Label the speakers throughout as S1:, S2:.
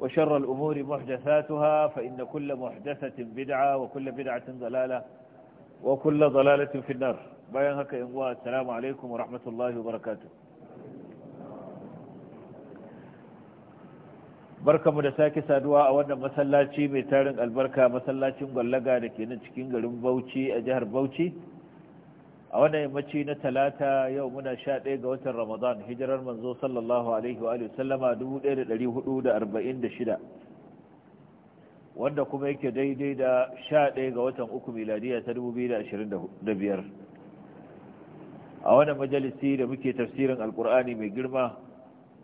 S1: وشر الأمور محدثاتها فإن كل محدثة بدعة وكل بدعة ضلالة وكل ضلالة في النار بيان هكا ينوى السلام عليكم ورحمة الله وبركاته barka mu da sake saduwa a wannan masallaci mai tarin albarka masallacin gwallaga da ke nan cikin garin bauchi a jihar bauchi a wannan yammaci na talata yau muna sha ɗaya ga watan ramadan hijirar manzo sallallahu alaihi wa sallama 1446 wanda kuma yake daidai da sha ɗaya ga watan uku miladiya ta biyar a wannan majalisi da muke tafsirin alkur'ani mai girma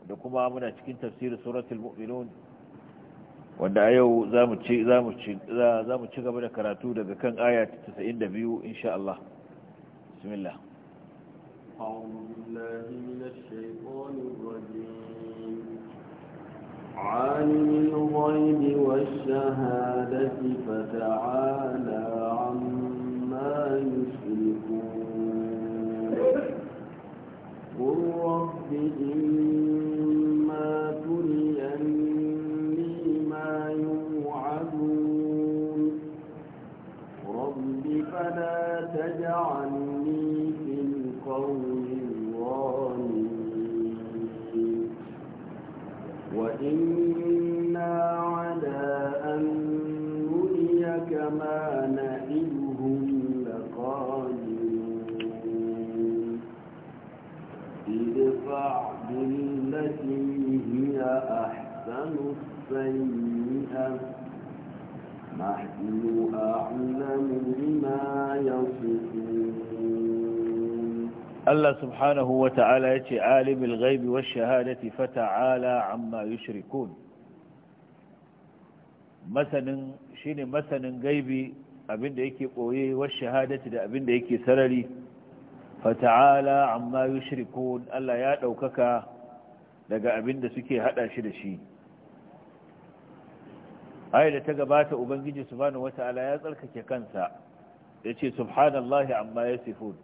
S1: da kuma muna cikin tafsirin suratul mu'minun wanda a yau za mu ci gaba da karatu daga kan aya 92 insha Allah. بسم الله
S2: أعوذ بالله من الشيطان الرجيم عالم الغيب والشهادة فتعالى عما يشركون قل رب إني
S1: subhanahu wa ta'ala ya ce alimul ghaibi wa shahadati fata'ala amma yushrikun masanin shine masanin gaibi abinda yake koye wa shahadati da abinda yake sarari fata'ala amma yushrikun Allah ya daukaka daga abinda suke hada shi da shi ayi da ta gabata ubangiji subhanahu wa ta'ala ya tsarkake kansa yace subhanallahi amma yasifun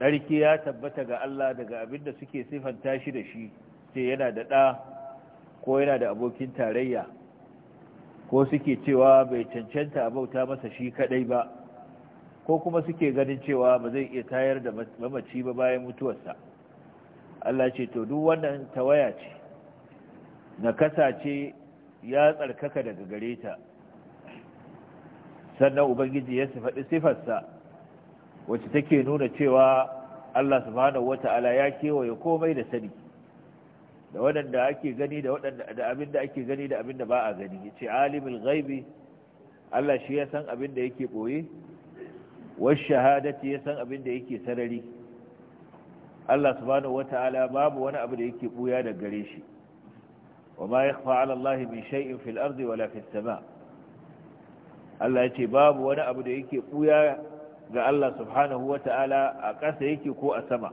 S1: ɗarki ya tabbata ga Allah daga abin da suke sifanta shi da shi ce yana da ɗa ko yana da abokin tarayya ko suke cewa bai cancanta a bauta masa shi kaɗai ba ko kuma suke ganin cewa ba zai iya tayar da mamaci ba bayan mutuwarsa Allah ce to duk wannan tawaya ce na ce ya tsarkaka daga gare ta sannan ubangiji ya faɗi sifarsa wacce take nuna cewa Allah subhanahu wata'ala ya kewaye komai da sani da waɗanda ake gani da waɗanda da abin da ake gani da abin da ba a gani yace alimul ghaibi Allah shi ya san abin da yake boye was shahadati ya san abin da yake sarari Allah subhanahu wata'ala babu wani abu da yake buya da gare shi wama yakhfa 'ala Allah min shay'in fil ardi wala fis sama' Allah ya ce babu wani abu da yake buya ga Allah subhanahu wa ta'ala a ƙasa yake ko a sama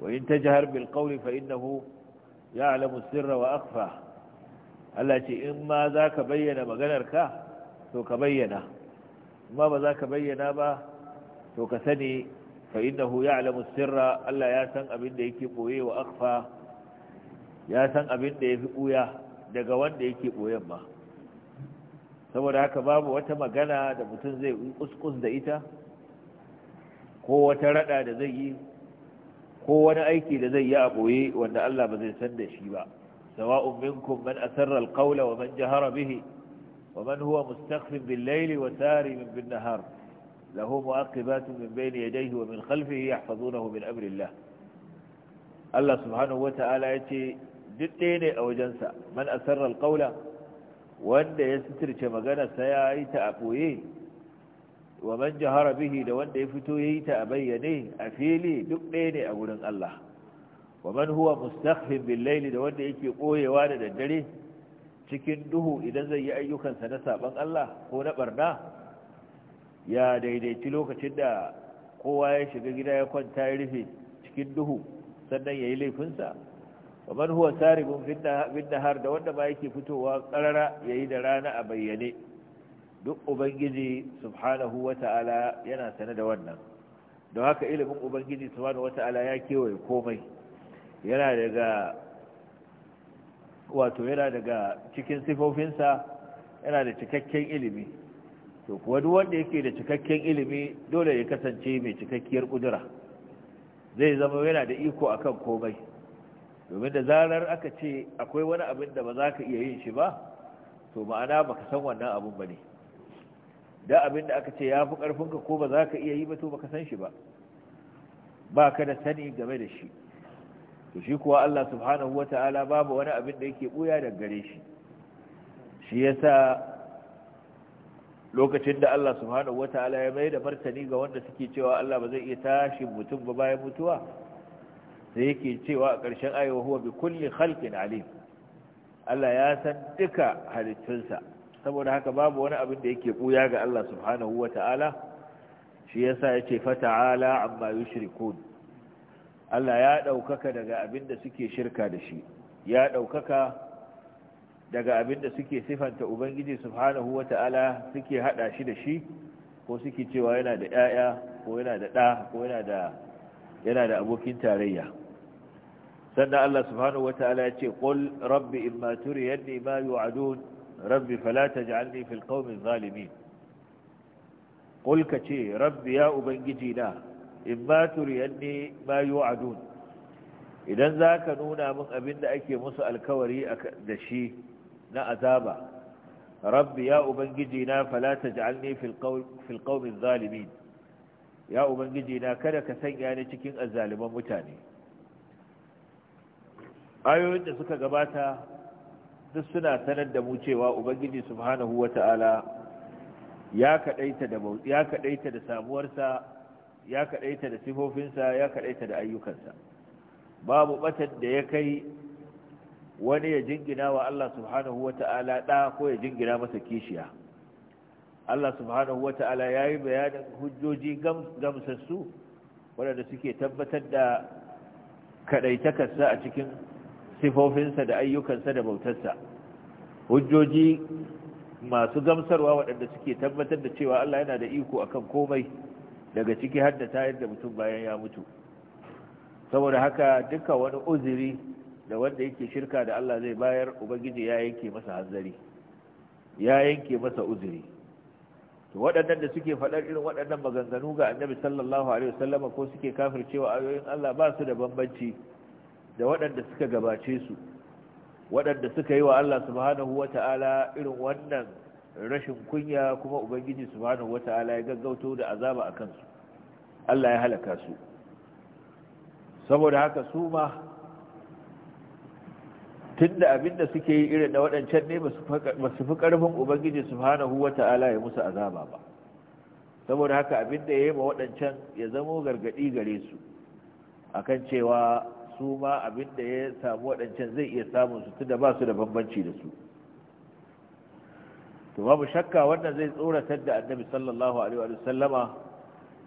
S1: wa in ta jihar bilkauli fa innahu ya alamu sirra wa akfa Allah ce in ma za ka bayyana maganarka to ka bayyana ma ba za ka bayyana ba to ka sani fa innahu ya alamu sirra Allah ya san abin da yake ɓoye wa akfa ya san abin da ya fi ɓuya daga wanda yake ɓoyen ba saboda haka babu wata magana da mutum zai yi kuskus da ita ko wata rada da zai yi ko wani aiki da zai yi a boye wanda Allah ba zai san da shi ba sawa'un minkum man asarra alqawla wa man jahara bihi wa man huwa mustakhfin bil layli wa sarimin bin nahar lahu mu'aqibatun min bayni yadayhi wa min khalfihi yahfazunahu min amri Allah Allah subhanahu wa ta'ala yace duk ɗaya ne a wajensa man asarra alqawla wanda ya sitirce maganarsa ya yi ta a ɓoye wa man jahara bihi da wanda ya fito ya yi ta a bayyane a fili duk ɗaya ne a gurin Allah wa man huwa mustaqbil bil da wanda yake koyewa da daddare cikin duhu idan zai yi ayyukansa na saban Allah ko na barna ya daidaici lokacin da kowa ya shiga gida ya kwanta ya rufe cikin duhu sannan ya yi laifinsa kamar huwa saribun fin da wanda ba yake fitowa karara yayi da rana a bayyane duk ubangiji subhanahu wata'ala yana sane da wannan don haka ilimin ubangiji subhanahu wata'ala ya kewaye komai yana daga wato yana daga cikin sifofinsa yana da cikakken ilimi to kuwa duk wanda yake da cikakken ilimi dole ya kasance mai cikakkiyar kudura zai zama yana da iko akan komai domin da zarar aka ce akwai wani abin da ba za ka iya yin shi ba to ma'ana ba ka san wannan abin ba ne da abin da aka ce ya fi ƙarfinka ko ba za ka iya yi ba to ba ka san shi ba ba ka da sani game da shi to shi kuwa Allah subhanahu wa ta'ala babu wani abin da yake buya da gare shi shi ya sa lokacin da Allah subhanahu wa ta'ala ya mai da martani ga wanda suke cewa Allah ba zai iya tashi mutum ba bayan mutuwa sai yake cewa a ƙarshen ayo huwa bi kulli khalqin alim Allah ya san duka halittunsa saboda haka babu wani abin da yake buya ga Allah subhanahu wata'ala shi yasa yace fata'ala amma yushrikun Allah ya daukaka daga abin da suke shirka da shi ya daukaka daga abin da suke sifanta ubangiji subhanahu wata'ala suke hada shi da shi ko suke cewa yana da 'ya'ya ko yana da 'da ko yana da abokin tarayya sannan Allah subhanahu wata'ala ya ce qul rabbi imma turiyanni ma yu'adun rabbi fala taj'alni fil qawmi zalimin qul ka ce rabbi ya ubangiji na imma turiyanni ma yu'adun idan zaka nuna min abin da ake musu alkawari da shi na azaba rabbi ya ubangiji na fala taj'alni fil qawmi fil qawmi zalimin ya ubangiji na kada ka sanya ni cikin azzaliman mutane ayoyin da suka gabata duk suna sanar da mu cewa ubangiji subhanahu wata'ala ya kadaita da ya kadaita da sabuwarsa, ya kadaita da sifofinsa ya kadaita da ayyukansa babu batan da ya kai wani ya jingina wa Allah subhanahu wata'ala da ko ya jingina masa kishiya Allah subhanahu wata'ala yayi bayanin hujjoji gamsassu waɗanda suke tabbatar da kadaitakarsa a cikin sifofinsa da ayyukansa da bautarsa hujjoji masu gamsarwa waɗanda suke tabbatar da cewa Allah yana da iko akan komai daga ciki har da tayar da mutum bayan ya mutu saboda haka duka wani uzuri da wanda yake shirka da Allah zai bayar ubangiji ya yanke masa hanzari ya yanke masa uzuri to waɗannan da suke faɗar irin waɗannan maganganu ga annabi sallallahu alaihi wasallam ko suke kafircewa ayoyin Allah ba su da bambanci da waɗanda suka gabace su waɗanda suka yi wa Allah subhanahu wata'ala irin wannan rashin kunya kuma ubangiji subhanahu wata'ala ya gaggauto da azaba a kansu Allah ya halaka su saboda haka su ma tun da abinda suke yi irin da waɗancan ne ba su fi ƙarfin ubangiji subhanahu ta'ala ya musu azaba ba saboda haka abinda ya yi ma waɗancan ya zamo gargaɗi gare su akan cewa su ma abin da ya samu waɗancan zai iya samun su tunda ba su da bambanci da su to babu shakka wannan zai tsoratar da annabi sallallahu alaihi wa sallama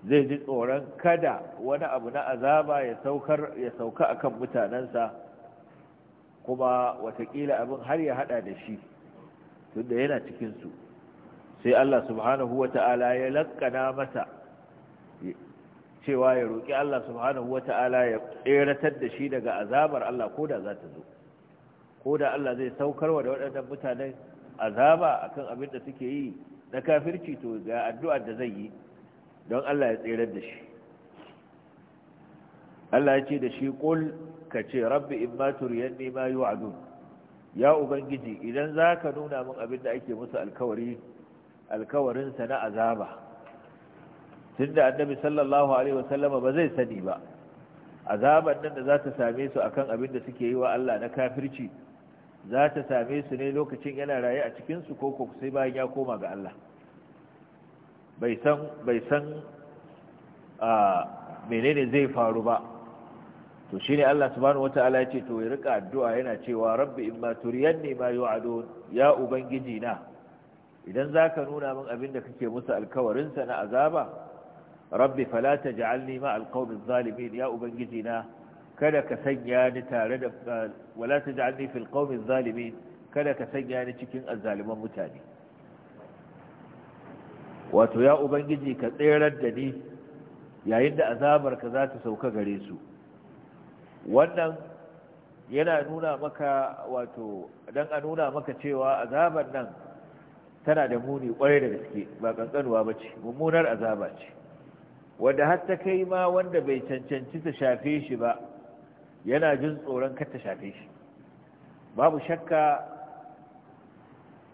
S1: zai ji tsoron kada wani abu na azaba ya saukar ya sauka akan mutanansa kuma watakila abin har ya hada da shi tunda yana cikin su sai Allah subhanahu wa Ta'ala ya lakkana masa cewa ya roƙi Allah subhanahu ta'ala ya tseratar da shi daga azabar Allah ko da za ta zo ko da Allah zai saukarwa da waɗannan mutanen azaba a kan abin da suke yi na kafirci to ga addu'ar da zai yi don Allah ya tserar da shi Allah ya ce da shi ƙul ka ce rabbi in ma turiyanni nema yi wa adun ya ubangiji idan za ka nuna min abin da ake musu alkawarinsa na azaba Tun da annabi sallallahu alaihi wasallama ba zai sani ba azaban nan da za ta same su akan abin da suke yi wa Allah na kafirci za ta same su ne lokacin yana raye a cikin su ko ko sai bayan ya koma ga Allah bai san menene zai faru ba to shine Allah subhanahu wataala ya ce to ya rika addu'a yana cewa rabbi imma turiyanni ma ya ubangiji na idan zaka nuna min abin da kake musu alkawarin na azaba rabbi fala ja'alni ma alqawmi adh-dhalimin ya ubangiji na kada ka sanya ni tare da wala taj'alni fil qawmi adh-dhalimin kada ka sanya ni cikin azzaliman mutane wato ya ubangiji ka tserar da ni yayin da azabarka za ta sauka gare su wannan yana nuna maka wato dan a nuna maka cewa azabar nan tana da muni kwarai da gaske ba kankanuwa ba ce mummunar azaba ce wanda har ta kai ma wanda bai cancanci ta shafe shi ba yana jin tsoron kar ta shafe shi babu shakka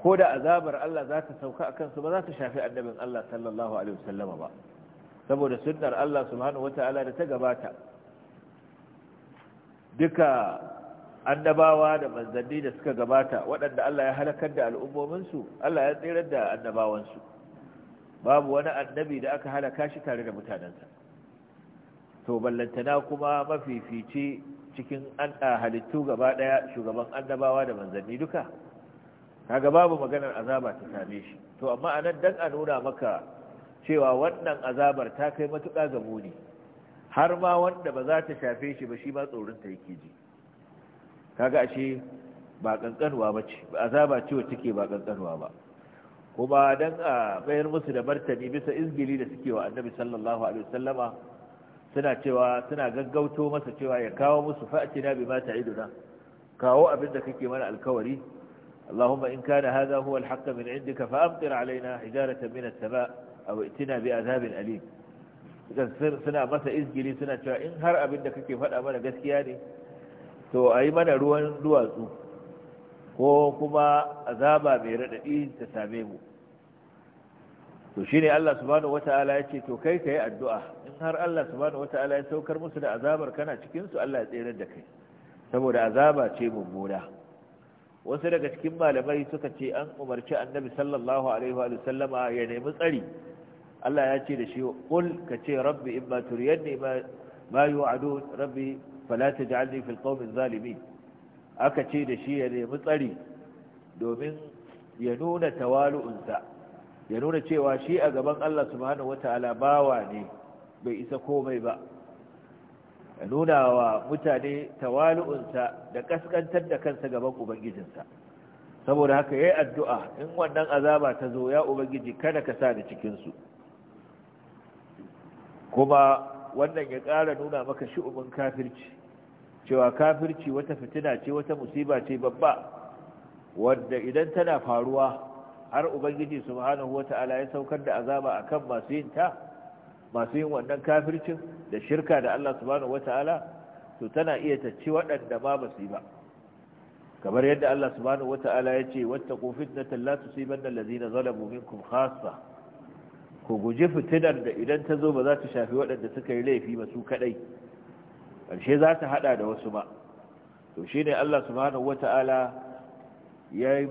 S1: ko da azabar Allah za ta sauka a kansu ba za ta shafi annabin Allah sallallahu alaihi wasallama ba saboda sunnar Allah subhanahu wata'ala da ta gabata duka annabawa da manzanni da suka gabata waɗanda Allah ya halakar da al'ummominsu Allah ya tsirar da annabawansu babu wani annabi da aka halaka shi tare da mutanensa to ballantana kuma mafifici cikin an halittu gaba daya shugaban annabawa da manzanni duka kaga babu maganar azaba ta same shi to amma anan dan a nuna maka cewa wannan azabar ta kai matuƙa ga muni har ma wanda ba za ta shafe shi ba shi ba tsoron ta yake ji kaga ashe ba kankanwa ba ce azaba ce wacce take ba kankanwa ba kuma dan a bayar musu da martani bisa izgili da suke wa annabi sallallahu alaihi wasallama suna cewa suna gaggauto masa cewa ya kawo musu fa'atina mata ta'iduna kawo abin da kake mana alkawari اللهم إن كان هذا هو الحق من عندك فأمطر علينا حجارة من السماء أو ائتنا بأذاب أليم suna masa izgili suna cewa in har abin da kake faɗa mana gaskiya ne to a yi mana ruwan duwatsu ko kuma azaba mai raɗaɗi ta same mu to ne Allah subhanahu wata'ala ya ce to kai ka yi addu'a in har Allah subhanahu wata'ala ya saukar musu da azabar kana cikin su Allah ya tsere da kai saboda azaba ce mummuna wasu daga cikin malamai suka ce an umarci annabi sallallahu alaihi wa sallama ya nemi tsari Allah ya ce da shi Kul ka ce rabbi imma turiyanni ma ma yu'adun rabbi fala taj'alni fil qawmi zalimin aka ce da shi ya nemi tsari domin ya nuna tawalu'unsa ya nuna cewa shi a gaban Allah subhanahu wataala bawa ne bai isa komai ba ya nuna wa mutane tawalu'unsa da kaskantar da kansa gaban ubangijinsa saboda haka ya yi addu'a in wannan azaba ta zo ya ubangiji kada ka sa ni cikinsu. kuma wannan ya ƙara nuna maka shi'ubin kafirci cewa kafirci wata fitina ce wata musiba ce babba wadda idan tana faruwa har ubangiji subhanahu wata'ala ya saukar da azaba akan masu yin ta masu yin wannan kafircin da shirka da Allah subhanahu wata'ala to tana iya tacci waɗanda ma ba su ba kamar yadda Allah subhanahu wata'ala ya ce sai fitnatan la tusibanna allazina zalamu minkum khassa ku guji fitinar da idan ta zo ba za ta shafi waɗanda suka yi laifi ba su kaɗai Karshe za ta hada da wasu ba to shi ne Allah subhanahu ta'ala ya yi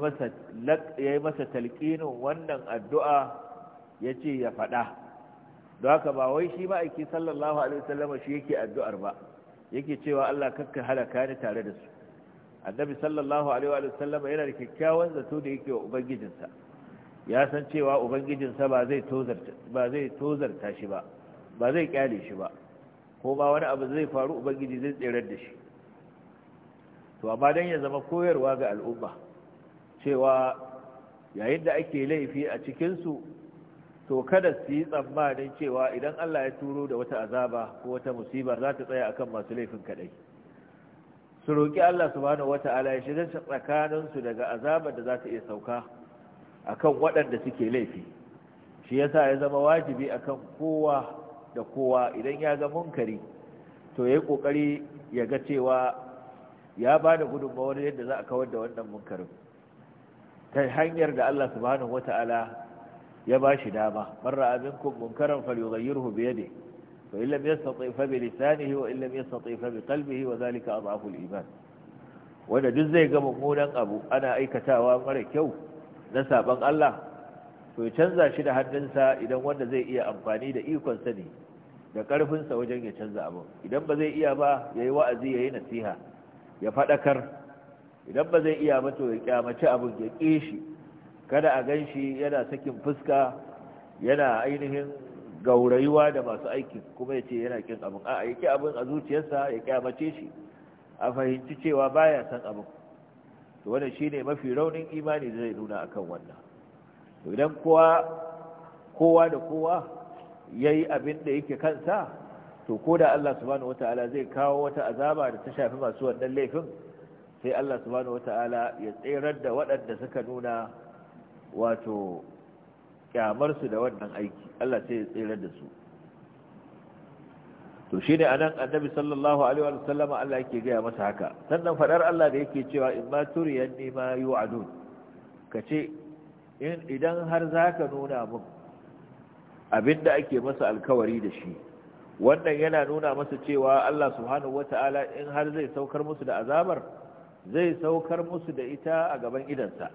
S1: masa talƙinin wannan addu'a ya ce ya faɗa don haka ba wai shi ma'aiki sallallahu alaihi wasallama shi yake addu'ar ba yake cewa Allah kakka halaka ni tare da su annabi sallallahu alaihi wasallama yana da kyakkyawan zato da yake wa ubangijinsa ya san cewa ubangijinsa ba zai tozarta shi ba ba zai kyale shi ba ko ba wani abu zai faru ubangiji zai tserar da shi to amma dan ya zama koyarwa ga al'umma cewa yayin da ake laifi a cikinsu to kada su yi tsammanin cewa idan Allah ya turo da wata azaba ko wata musibar za ta tsaya akan masu laifin kadai su roƙi Allah subhanahu wata'ala ya shiga tsakaninsu daga azabar da za ta iya sauka akan waɗanda suke laifi shi yasa ya zama wajibi akan kowa da kowa idan ya ga munkari to yi ƙoƙari ya ga cewa ya bada gudunmawar yadda za a kawar da wannan munkarin ta hanyar da Allah subhanahu wata'ala ya bashi dama marra minkum munkaran falyughayyirhu bi yadihi fa in lam yastati bi lisanihi wa in lam yastati bi wa zalika a al-iman wanda duk zai ga mummunan abu ana aikatawa mara kyau na saban Allah to ya canza shi da hannunsa idan wanda zai iya amfani da ikonsa ne da ƙarfinsa wajen ya canza abin idan ba zai iya ba ya yi wa'azi ya yi nasiha ya faɗakar idan ba zai iya ba to ya kyamaci abin ya ƙe shi kada a gan shi yana sakin fuska yana ainihin gaurayuwa da masu aikin kuma ya ce yana kin abin a ya ƙi abin a zuciyarsa ya kyamace shi a fahimci cewa baya san abin to wannan shine mafi raunin imani zai nuna akan wannan idan kowa kowa da kowa yayi abin da yake kansa to ko da Allah subhanahu wataala zai kawo wata azaba da ta shafi masu wannan laifin sai Allah subhanahu wataala ya tserar da waɗanda suka nuna wato kyamar su da wannan aiki Allah sai ya tserar da su to shi ne anan annabi sallallahu alaihi wa sallama Allah yake gaya masa haka sannan fadar Allah da yake cewa in ma turiyanni ma yu'adun kace idan har za ka nuna min da ake masa alkawari da shi wannan yana nuna masa cewa Allah subhanahu wata'ala in har zai saukar musu da azabar zai saukar musu da ita a gaban idansa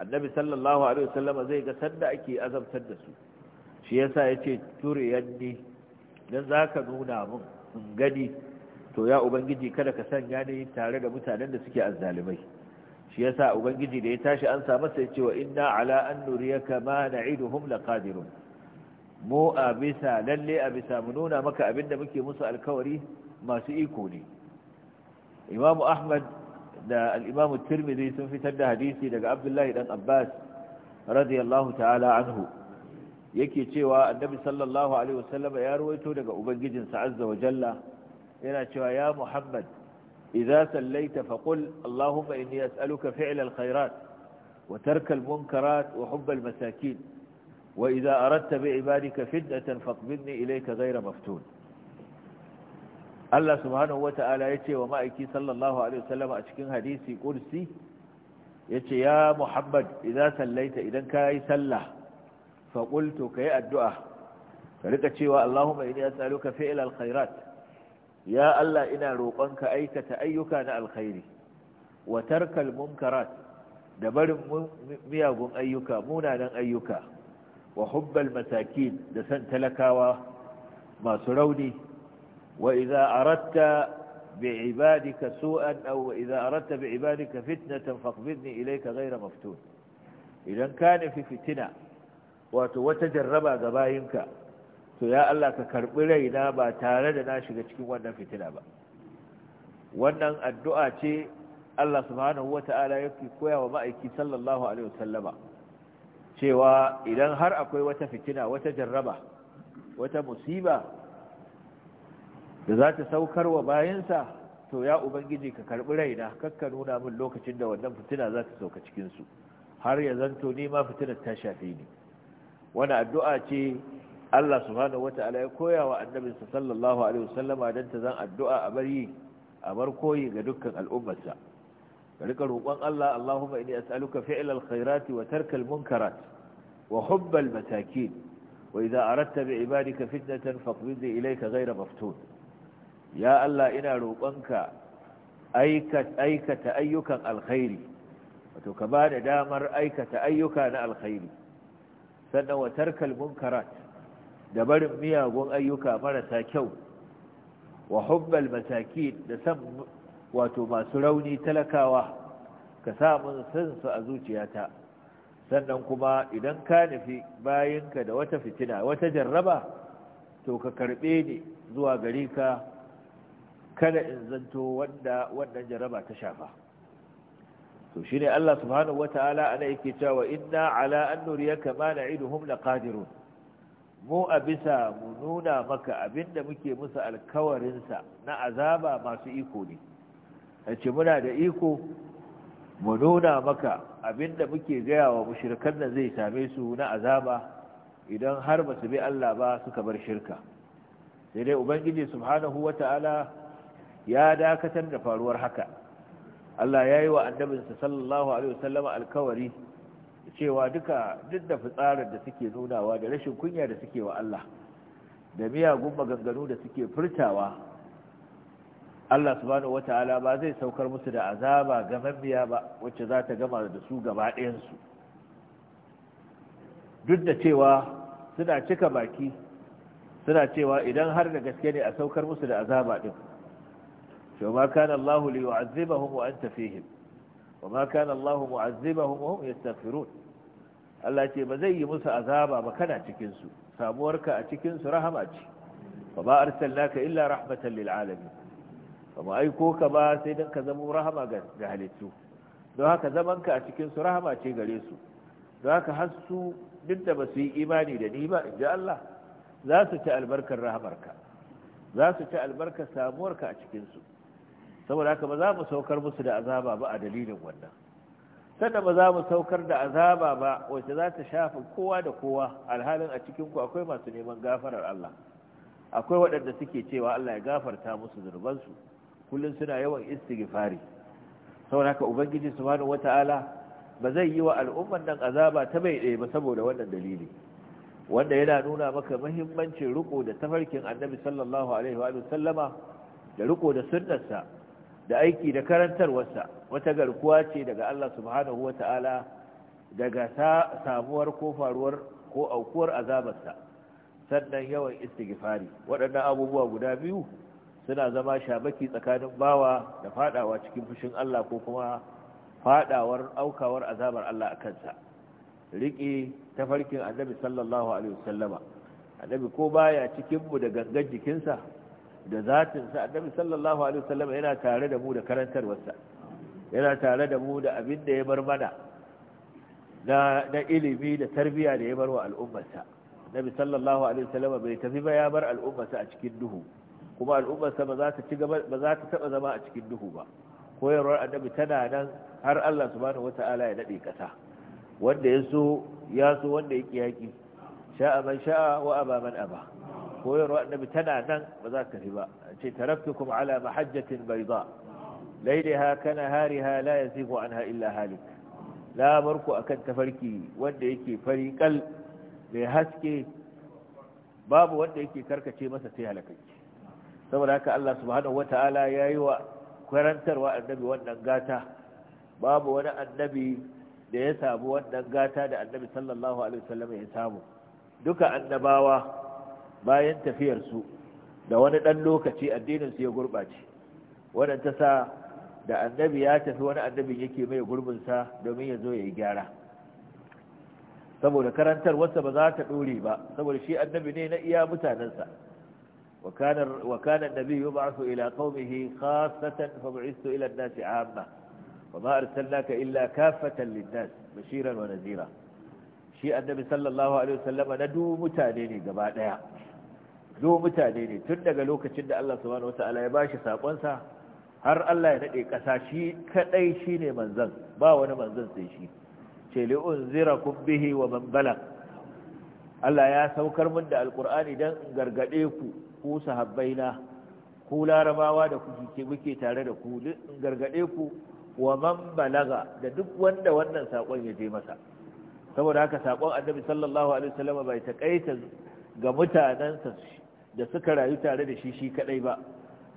S1: annabi sallallahu alaihi wasallama zai ga sanda ake azabtar da su shi yasa yace yanni dan zaka nuna min in gani to ya ubangiji kada ka sanya ni tare da mutanen da suke azzalimai shi yasa ubangiji da ya tashi an sa masa ya ce wa inna ala an nuriyaka ma na'iduhum laqadirun mu abisa bisa lalle a bisa mu nuna maka abinda muke musu alkawari masu iko ne imamu ahmad da al-imamu tirmidhi sun fitar da hadisi daga abdullahi dan abbas radiyallahu ta'ala anhu yake cewa annabi sallallahu alaihi wasallam ya ruwaito daga ubangijin azza wa jalla yana cewa ya muhammad إذا سليت فقل اللهم إني أسألك فعل الخيرات وترك المنكرات وحب المساكين وإذا أردت بعبادك فدة فاقبضني إليك غير مفتون الله سبحانه وتعالى يتي وما إكي صلى الله عليه وسلم أشكين هديثي قرسي يتي يا محمد إذا سليت إذا كاي سلة فقلت كي أدعه فلقى تشيوى اللهم إني أسألك فعل الخيرات يا الله إنا روقنك أيك تأيك أنا الخير وترك المنكرات دبر مياغم أيك مونا لن أيك وحب المساكين دسنت لك وما سروني وإذا أردت بعبادك سوءا أو إذا أردت بعبادك فتنة فاقبضني إليك غير مفتون إذا كان في فتنة وتجرب غباينك to ya Allah ka karɓi raina ba tare da na shiga cikin wannan fitina ba wannan addu'a ce Allah subhanahu wata'ala yake koya wa ma'aiki sallallahu alaihi wasallama cewa idan har akwai wata fitina wata jarraba wata musiba da za ta saukar wa bayansa to ya ubangiji ka karɓi raina kakka nuna min lokacin da wannan fitina za ta sauka cikinsu har ya zanto ni ma fitinar ta shafe ni wani addu'a ce Allah subhanahu wata'ala ya koya wa annabinsa sallallahu alaihi wasallama dan ta zan addu'a a bari a bar koyi ga dukkan al'ummarsa ka rika roƙon Allah Allahumma inni as'aluka fi'lal khairati wa tarkal munkarat wa hubbal masakin wa idza aradta bi ibadika fitnatan faqbid ilayka ghayra maftun ya Allah ina roƙonka aikata ayyukan alkhairi wato ka ba damar aikata ayyuka na alkhairi sannan wa tarkal munkarat da barin miyagun ayyuka marasa kyau wa hubbal da san wato masu rauni talakawa ka samun sansu a zuciyata sannan kuma idan ka nufi ka da wata fitina wata jarraba to ka karbe ni zuwa gari ka kada in zanto wanda wannan jarraba ta shafa to shine Allah subhanahu wataala ana yake cewa inna ala an nuriyaka ma na'iduhum laqadirun mu a bisa mu nuna maka abinda muke musu alkawarinsa na azaba masu iko ne ce muna da iko mu nuna maka abinda muke gaya wa mushrikan nan zai same su na azaba idan har ba su bi Allah ba suka bar shirka sai dai ubangiji subhanahu wata'ala ya dakatar da faruwar haka Allah ya yi wa annabinsa sallallahu alaihi wasallama alkawari cewa duka duk da fitsarar da suke nunawa da rashin kunya da suke wa Allah da miyagun maganganu da suke furtawa Allah subhanahu wata'ala ba zai saukar musu da azaba ga mambiya ba wacce za ta gama da su gaba ɗayansu duk da cewa suna cika baki suna cewa idan har da gaske ne a saukar musu da azaba ɗin shi ma kana Allah li yu'azzibahum wa anta fihim wa ma kana Allahu mu'azzibahum wa hum yastaghfirun Allah ce ba zai yi musu azaba ba kana cikin su samuwarka a cikin rahama ce fa ba arsalnaka illa rahmatan lil'alami? alamin fa aiko ka ba sai dan ka zama rahama ga halittu don haka zaman a cikin rahama ce gare su don haka har su duk da ba yi imani da ni ba inda Allah za ci albarkar rahamarka za su ci albarkar samuwarka a cikinsu saboda haka ba za mu saukar musu da azaba ba a dalilin wannan sannan ba za mu saukar da azaba ba wacce za ta shafi kowa da kowa alhalin a cikinku akwai masu neman gafarar Allah akwai waɗanda suke cewa Allah ya gafarta musu zurbansu kullum suna yawan istighfari saboda haka ubangiji subhanahu wata'ala ba zai yi wa al'umman nan azaba ta bai ɗaya ba saboda wannan dalili wanda yana nuna maka muhimmancin riko da tafarkin annabi sallallahu alaihi wa sallama da riko da sunnarsa da aiki da karantarwarsa wata garkuwa ce daga Allah subhanahu wa ta'ala daga samuwar ko faruwar ko aukuwar azabarsa sannan yawan istighfari waɗannan abubuwa guda biyu suna zama shabaki tsakanin bawa da fadawa cikin fushin Allah ko kuma fadawar aukawar azabar Allah a kansa riƙe tafarkin annabi sallallahu alaihi wasallama annabi ko baya cikinmu da gangan jikinsa da zatinsa annabi sallallahu alaihi wasallam yana tare da mu da karantarwarsa yana tare da mu da abin da ya bar mana na ilimi da tarbiyya da ya bar wa al'ummarsa annabi sallallahu alaihi wasallam bai tafi ba ya bar al'ummarsa a cikin duhu kuma al'ummarsa ba za ta ci gaba ba za ta taba zama a cikin duhu ba koyarwar annabi tana nan har Allah subhanahu wata'ala ya dade kasa wanda ya so ya so wanda yake yaki sha'a man sha'a wa aba man aba koyarwa annabi tana nan ba za ka ba ce taraktukum ala mahajjatin bayda lailaha kana hariha la yasifu anha illa halik la barku akan tafarki wanda yake fari kal mai haske babu wanda yake karkace masa sai halakacce saboda haka Allah subhanahu wataala yayi wa karantarwa annabi wannan gata babu wani annabi da ya samu wannan gata da annabi sallallahu alaihi wasallam ya samu duka annabawa bayan tafiyarsu da wani ɗan lokaci addininsu ya gurɓace wannan ta sa da annabi ya tafi wani annabin yake mai gurbinsa domin ya zo ya yi gyara saboda karantar wasa ba za ta ɗore ba saboda shi annabi ne na iya mutanensa wa kanan nabi yi ba su ila ƙaumihi khasatan fa bu'istu ila nasi amma wa ma arsalnaka illa kafatan linnas bashiran wa nazira shi annabi sallallahu alaihi wasallama na du mutane ne gaba daya do mutane ne tun daga lokacin da Allah subhanahu wata'ala ya bashi sa har Allah ya nade kasa shi kadai shine manzon ba wani manzon sai shi ce li unzirakum bihi wa man balag Allah ya saukar mun da alqur'ani dan gargade ku ku sahabbaina ku larabawa da kuke muke tare da ku in gargade ku wa man balaga da duk wanda wannan sakon ya je masa saboda haka sakon annabi sallallahu alaihi wasallam bai takaita ga mutanansa da suka rayu tare da shi shi kadai ba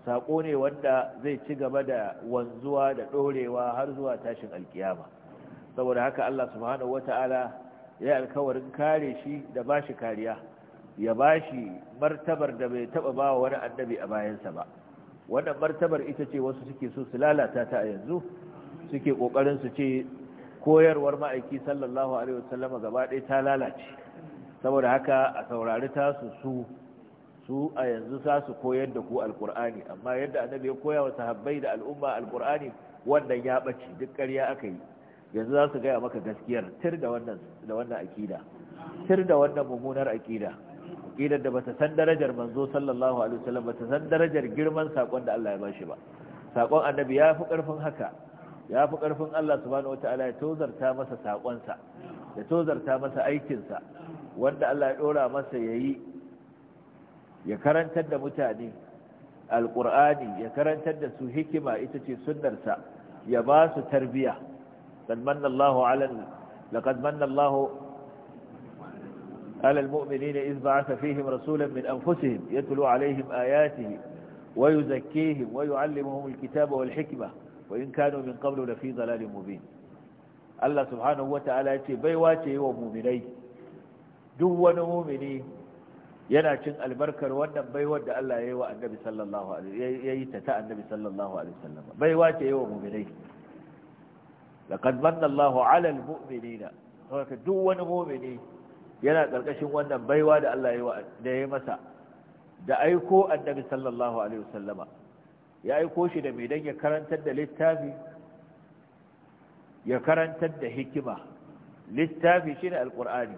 S1: saƙo ne wanda zai ci gaba da wanzuwa da ɗorewa har zuwa tashin alkiyama saboda haka Allah subhanahu wata'ala ya alkawarin kare shi da bashi kariya ya bashi martabar da bai taɓa ba wani annabi a bayansa ba wannan martabar ita ce wasu suke so su lalata ta a yanzu suke kokarin su ce koyarwar ma'aiki sallallahu alaihi wasallama gaba ɗaya ta lalace saboda haka a saurari tasu su su a yanzu za su koyar da ku alkur'ani amma yadda annabi ya koya wa sahabbai da al'umma alkur'ani wannan ya bace duk ƙarya aka yi yanzu za su gaya maka gaskiyar tir da wannan da wannan akida tir da wannan mummunar akida akidar da bata san darajar manzo sallallahu alaihi wasallam bata san darajar girman sakon da Allah ya bashi ba sakon annabi ya fi karfin haka ya fi karfin Allah subhanahu wataala ya tozarta masa sakon sa ya tozarta masa aikin sa wanda Allah ya dora masa yayi ya karantar da mutane alƙur'ani ya karantar da su hikima ita ce sunnarsa ya ba su tarbiya sannan Allahu alal laqad na Allahu alal fihim rasulan min anfusihim yatlu alaihim ayatihi wa yuzakkihim wa yu'allimuhum alkitaba wal hikma wa in kanu min qablu lafi dhalalin mubin Allah subhanahu wa ta'ala ya ce baiwa ce wa mu'minai duk wani mu'mini yana cin albarkar wannan baiwar da Allah ya yi wa annabi sallallahu alaihi ta ta annabi sallallahu alaihi wasallam baiwa ce yi wa mu'minai laqad manna Allahu 'ala al-mu'minina saboda duk wani mu'mini yana karkashin wannan baiwa da Allah ya yi da ya masa da aiko annabi sallallahu alaihi wasallama ya aiko shi da mai dan ya karantar da littafi ya karantar da hikima littafi shine alqur'ani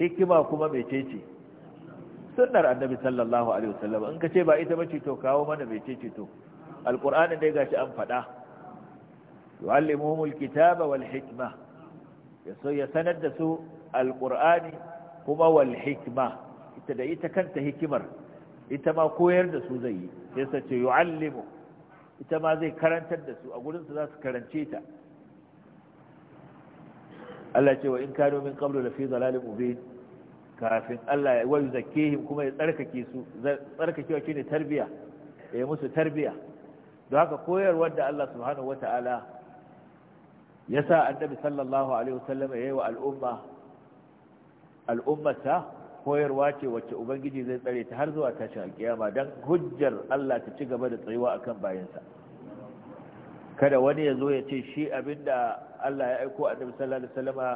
S1: hikima kuma mecece ce sunnar annabi sallallahu alaihi wasallam in ka ce ba ita bace to kawo mana bai ce to alqur'anin dai gashi an faɗa yuallimuhumul kitaba wal hikma yaso ya sanar da su alqur'ani kuma wal hikma ita da ita kanta hikimar ita ma koyar da su zai yi sai sa ce yuallimu ita ma zai karantar da su a gurin su za su karance ta Allah ce wa in kano min qablu lafi dhalalin mubin kafin Allah ya wani zakehim kuma ya tsarkake su tsarkakewa shi ne tarbiya ya yi musu tarbiya don haka koyarwar da Allah subhanahu wa ta'ala ya sa annabi sallallahu alaihi wasallam ya yi wa al'umma al'ummata koyarwa ce wacce ubangiji zai tsare ta har zuwa tashin alkiyama don hujjar Allah ta ci gaba da tsayuwa a kan bayansa kada wani ya zo ya ce shi abinda Allah ya aiko annabi sallallahu alaihi wasallama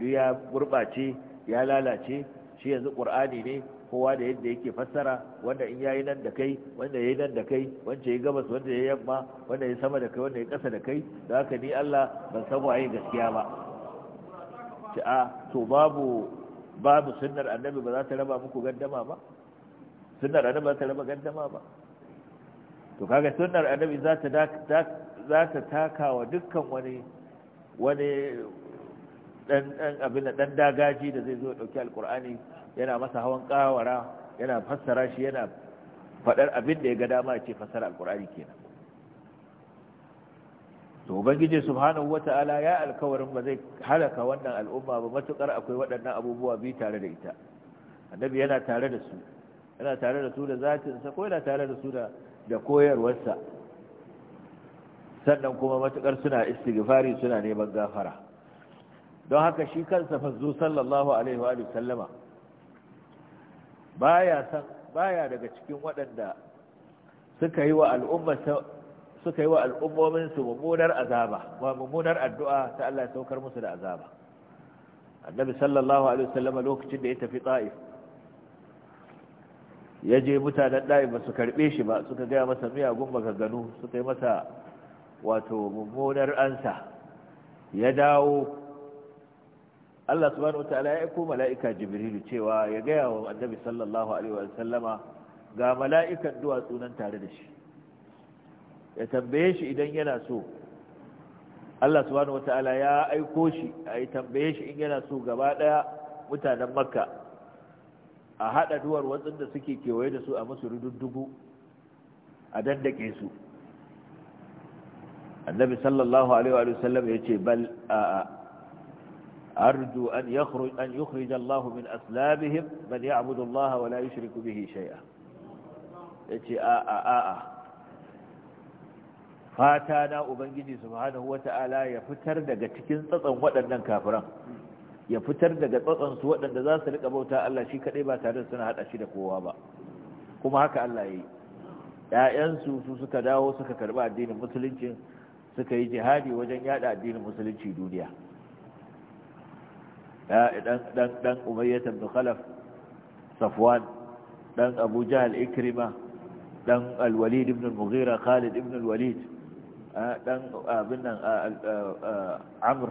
S1: ya gurɓace, ya lalace shi yanzu qur'ani ne kowa da yadda yake fassara wanda in yayi nan da kai wanda yayi nan da kai wanda yayi gabas wanda yayi yamma wanda yayi sama da kai wanda yayi ƙasa da kai da haka ni Allah ban san waye gaskiya ba ce a to babu babu sunnar annabi ba za ta raba muku gaddama ba sunnar annabi ba za ta raba gaddama ba to kaga sunnar annabi za ta za ta taka wa dukkan wani wani dan abin dan dagaji da zai zo dauki alqur'ani yana masa hawan kawara yana fassara shi yana faɗar abin da ya ga dama ce fassara alqur'ani kenan to ubangiji subhanahu wataala ya alkawarin ba zai halaka wannan al'umma ba matukar akwai waɗannan abubuwa bi tare da ita annabi yana tare da su yana tare da su da sa ko yana tare da su da da koyarwarsa sannan kuma matukar suna istighfari suna neman gafara don haka shi kansa fazzo sallallahu alaihi wa sallama baya san baya daga cikin waɗanda suka yi wa al'umma suka yi wa al'ummomin su mummunar azaba wa mummunar addu'a ta Allah ya saukar musu da azaba annabi sallallahu alaihi wasallama lokacin da ya tafi ta'if ya je mutanen ɗa'i ba su karɓe shi ba suka gaya masa miyagun maganganu suka yi masa wato mummunar ansa ya dawo Allah subhanahu ta'ala ya aiko mala'ika Jibrilu cewa ya gaya wa Annabi sallallahu alaihi wa sallama ga mala'ikan duwatsu nan tare da shi ya tambaye shi idan yana so Allah subhanahu ta'ala ya aiko shi ai tambaye shi in yana so gaba daya mutanen Makka a hada duwar watsin da suke kewaye da su a musu rududdugu a dandake su Annabi sallallahu alaihi wa sallam ya ce bal a'a أرجو أن يخرج, أن يخرج الله من أسلابهم من يعبد الله ولا يشرك به شيئا يتي آآ آآ آآ فاتانا أبنجي سبحانه وتعالى يفتر دقا تكين تطن ودنا كافرا يفتر دقا تطن سوء دقا ذات لك أبوتا ألا شيكا إبا تارسنا هات أشير قوابا كما هكا ألا يي ‘ya'yansu su suka dawo suka karɓi addinin musulunci suka yi jihadi wajen yada addinin musulunci duniya’ Ɗan umayyata bin khalaf safwan dan abu jahal ikrima dan alwalid ibn al-mughira khalid ibn al-walid dan ah, abin nan ah, ah, amr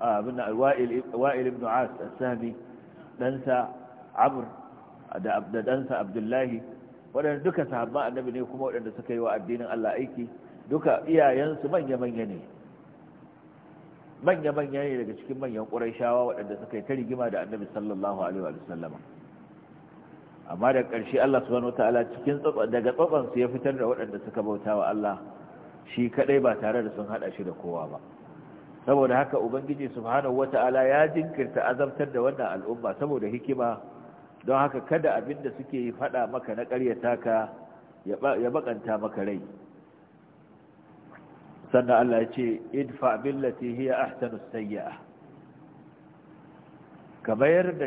S1: abin wa'il ibn as as-sami dan sa da ɗansa abdullahi waɗanda duka sahabban annabi ne kuma waɗanda suka yi wa addinin Allah aiki duka iyayensu manya-manya ne manya-manya ne daga cikin manyan ƙurashawa waɗanda suka yi ta rigima da annabi sallallahu alaihi wa sallama amma da ƙarshe Allah subhanahu ta'ala cikin daga tsotsan su ya fitar da waɗanda suka bauta wa Allah shi kadai ba tare da sun hada shi da kowa ba saboda haka ubangiji subhanahu ta'ala ya jinkirta azabtar da wannan al'umma saboda hikima don haka kada abin da suke faɗa maka na ƙaryata ka ya bakanta maka rai sannan Allah ya ce idfa billati hiya ahsanu sayyi'a kamar da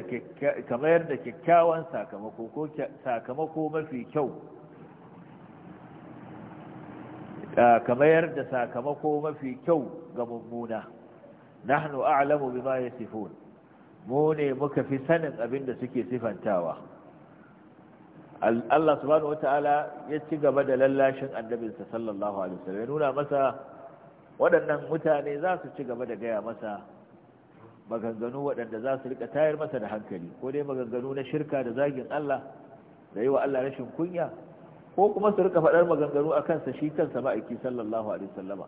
S1: kamar da kikkiawan sakamako ko sakamako mafi kyau ah, kamar da sakamako mafi kyau ga mummuna nahnu a'lamu bima yasifun mu ne muka fi sanin abin da suke sifantawa Allah subhanahu wata'ala ya ci gaba da lallashin annabinsa sallallahu alaihi wasallam ya nuna masa waɗannan mutane za su ci gaba da gaya masa maganganu waɗanda za su rika tayar masa da hankali ko dai maganganu na shirka da zagin Allah da yi wa Allah rashin kunya ko kuma su rika faɗar maganganu a kansa shi kansa ma'aiki sallallahu alaihi sallama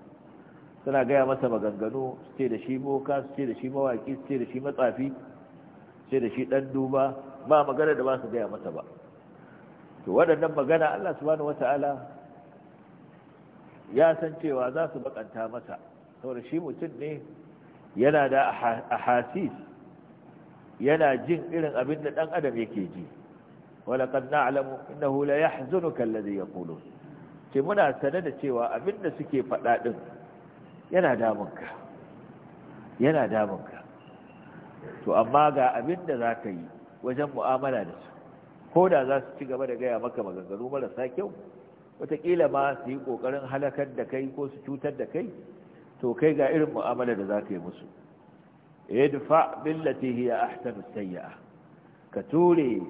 S1: suna gaya masa maganganu su ce da shi boka su ce da shi mawaƙi su ce da shi matsafi su ce da shi ɗan duba ba magana da ba su gaya masa ba to waɗannan magana Allah subhanahu wata'ala ya san cewa za su bakanta masa saboda shi mutum ne yana da ahasis yana jin irin abin da dan adam yake ji wala qad na'lamu innahu la yahzunuka ya yaqulun ce muna sane da cewa abin da suke faɗaɗin yana damunka yana damunka to amma ga abin da za ka yi wajen mu'amala da su ko da za su ci gaba da gaya maka maganganu marasa kyau wataƙila ma su yi ƙoƙarin halakar da kai ko su cutar da kai to kai ga irin mu'amala da za ka yi musu idfa billati hiya ahsanu sayya'a ka ture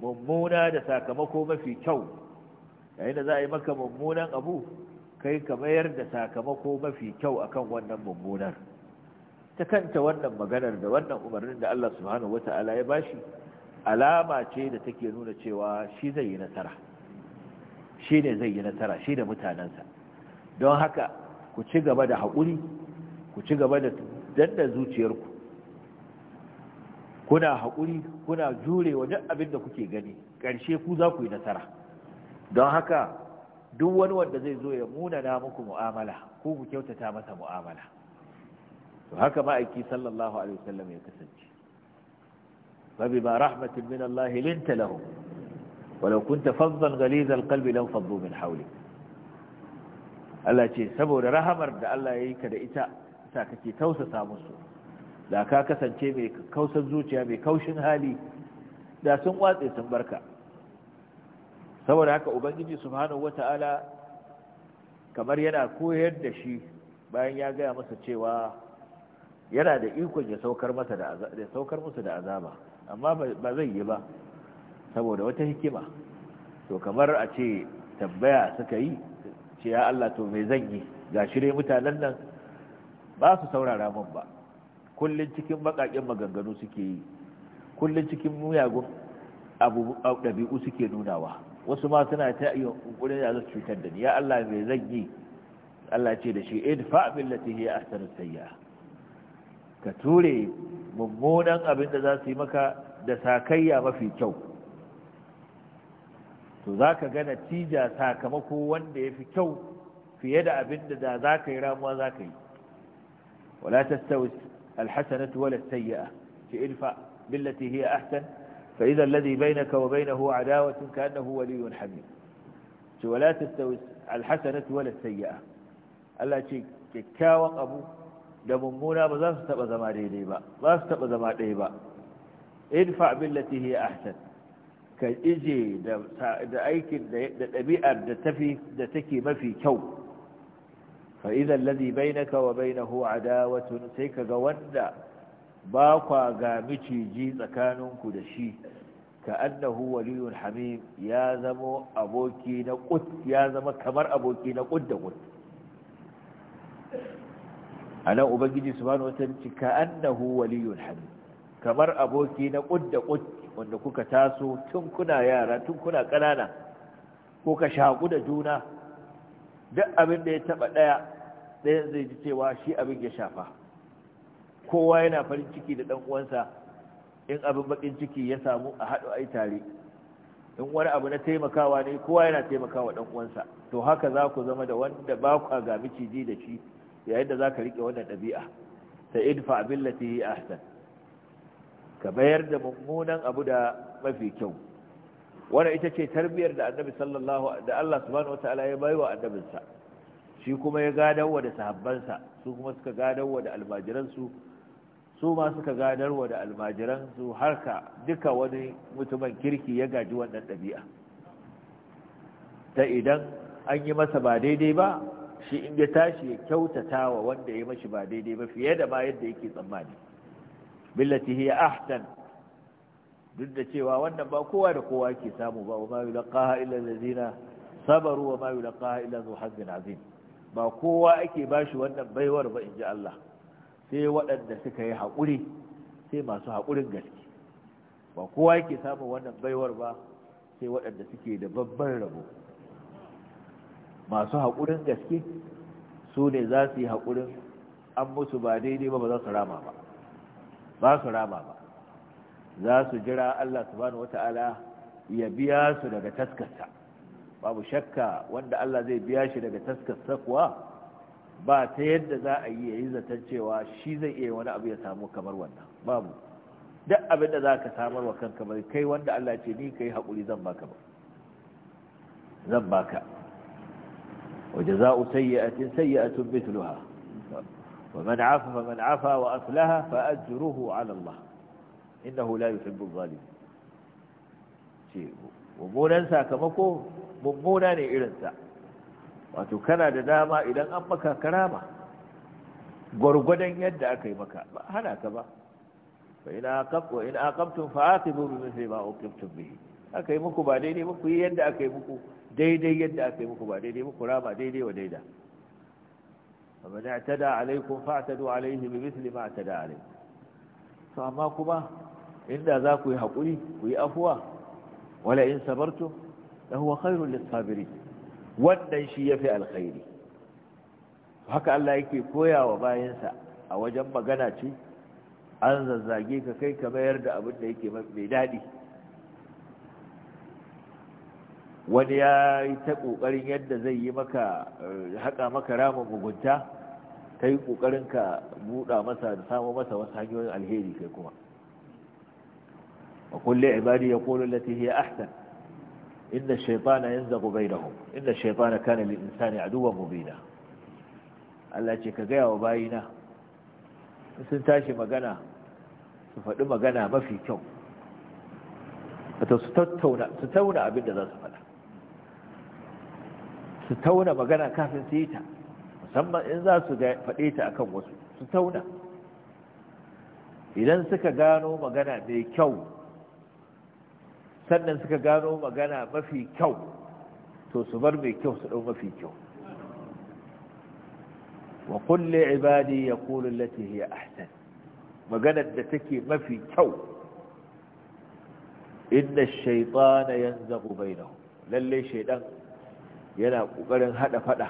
S1: mummuna da sakamako mafi kyau yayin da za a yi maka mummunan abu kai ka mayar da sakamako mafi kyau akan wannan mummunar ta kanta wannan maganar da wannan umarnin da Allah subhanahu wata'ala ya bashi alama ce da take nuna cewa shi zai yi nasara shi ne zai yi nasara shi da mutanensa don haka ku ci gaba da haƙuri ku ci gaba da danna zuciyarku kuna haƙuri kuna jurewa duk abin da kuke gani ƙarshe ku za ku yi nasara don haka duk wani wanda zai zo ya muna na muku mu'amala ko ku kyautata masa mu'amala to haka ma'aiki sallallahu alaihi wasallam ya kasance babi ba rahmatin min Allah linta walau kunta fazzan ghalizal qalbi lam faddu min hawlik Allah ce saboda rahamar da Allah ya yi ka da ita sa kake tausasa musu da ka kasance mai kausar zuciya mai kaushin hali da sun watse sun barka saboda haka ubangiji subhanahu wata'ala kamar yana koyar da shi bayan ya gaya masa cewa yana da ikon ya saukar masa da azaba amma ba zai yi ba saboda wata hikima to kamar a ce tambaya suka yi ce ya Allah to me zan yi ga shirye mutanen nan ba su saurara min ba kullun cikin bakakin maganganu suke yi kullun cikin muyagun abu ɗabi'u suke nunawa wasu ma suna ta yi kunkurin da cutar da ni ya Allah me zan Allah ce da shi idfa billati hiya ahsanu sayya ka ture mummunan abin da za su yi maka da sakayya mafi kyau to za ka ga natija sakamako wanda ya fi kyau fiye da abin da da za ka yi ramuwa za ka yi wala ta stawi alhassanatu wala sayya'a ce irfa billati hiya ahsan fa idan ladhi bainaka wa bainahu adawatun ka annahu waliyyun hamim ce wala ta stawi alhassanatu wala sayya'a Allah ce kyakkyawan abu da mummuna ba za su taba zama daidai ba ba su taba zama ɗaya ba idfa billati hiya ahsan ka ije da aikin da ɗabi'ar da tafi da take mafi kyau fa'idan ladi bainaka wa bainahu adawatun sai kaga wanda ba kwa ga miciji tsakaninku da shi ka annahu waliyun hamim ya zama aboki na ƙud ya zama kamar aboki na ƙud da ƙud a nan ubangiji subhanahu wataala ka annahu waliyun hamim kamar aboki na ƙud da ƙud wanda kuka taso tun kuna yara tun kuna ƙanana ko ka shaƙu da juna duk abin da ya taɓa ɗaya ɗayan zai ji cewa shi abin ya shafa kowa yana farin ciki da ɗan uwansa in abin baƙin ciki ya samu a haɗu a tare in wani abu na taimakawa ne kowa yana taimakawa ɗan uwansa to haka za ku zama da wanda ba ku ga miciji da shi yayin da za ka riƙe wannan ɗabi'a ta idfa billati ahsan ka bayar da mummunan abu da mafi kyau wannan ita ce tarbiyar da annabi sallallahu da Allah subhanahu wataala ya baiwa annabinsa shi kuma ya gadarwa da sahabbansa su kuma suka gadarwa da almajiransu su ma suka gadarwa da almajiransu harka duka wani mutumin kirki ya gaji wannan ɗabi'a ta idan an yi masa ba daidai ba shi in ya tashi ya kyautata wa wanda ya mashi ba daidai ba fiye da ba yadda yake tsammani billati hiya ahsan duk da cewa wannan ba kowa da kowa yake samu ba wa ma yulqaha illa allazina sabaru wa ma yulqaha illa zu hazzin azim ba kowa ake bashi wannan baiwar ba inji Allah sai waɗanda suka yi haƙuri sai masu haƙurin gaske ba kowa yake samu wannan baiwar ba sai waɗanda suke da babban rabo masu haƙurin gaske su ne za su yi haƙurin an musu ba daidai ba ba za su rama ba ba su rama ba za su jira Allah subhanahu wata'ala ya biya su daga taskarsa babu shakka wanda Allah zai biya shi daga taskarsa kuwa ba ta yadda za a yi yayi zaton cewa shi zai iya wani abu ya samu kamar wannan babu duk abin da za ka samar wa kanka bai kai wanda Allah ce ni kai hakuri zan baka ba zan baka wa jaza'u sayyi'atin sayyi'atun mithluha ومن عفى فمن عفى وأفلها فأجره على الله إنه لا يحب الظالمين mummunan sakamako mummuna ne irinsa wato kana da dama idan an maka karama gwargwadon yadda aka yi maka ba hana ka ba fa ina aqabtu in aqabtum fa aqibu bi mithli ma uqibtum bihi aka yi muku ba daidai ba yadda aka yi muku daidai yadda aka yi muku ba daidai ba rama daidai wa daidai فمن اعتدى عليكم فاعتدوا عليه بمثل ما اعتدى عليكم فأما كما إن ذاك يحقلي ويأفوا ولئن صبرتم لهو خير للصابرين wannan shi ya fi alkhairi haka Allah yake koya wa bayansa a wajen magana ce an zazzage ka kai ka mayar da abin da yake mai daɗi wani ya yi ta ƙoƙarin yadda zai yi maka eh, haƙa maka ramin mugunta ta yi ƙoƙarin ka buɗa masa da samu masa wasu hanyoyin alheri kai kuma a kulle ibadi ya kolo lati hiya ahsan inda shaitana yin zago bai da inda shaitana kana lil insani aduwa mubina Allah ce ka gaya wa bayina sun tashi magana su faɗi magana mafi kyau wato su tattauna abin da za su su tauna magana kafin su yi ta musamman in za su faɗe ta akan wasu su tauna idan suka gano magana mai kyau sannan suka gano magana mafi kyau to su bar mai kyau su ɗau mafi kyau wa kulle ibadi ya kulu latihi ya ahsan maganar da take mafi kyau inda shaitana yanzu bai lallai shaidan yana ƙoƙarin haɗa faɗa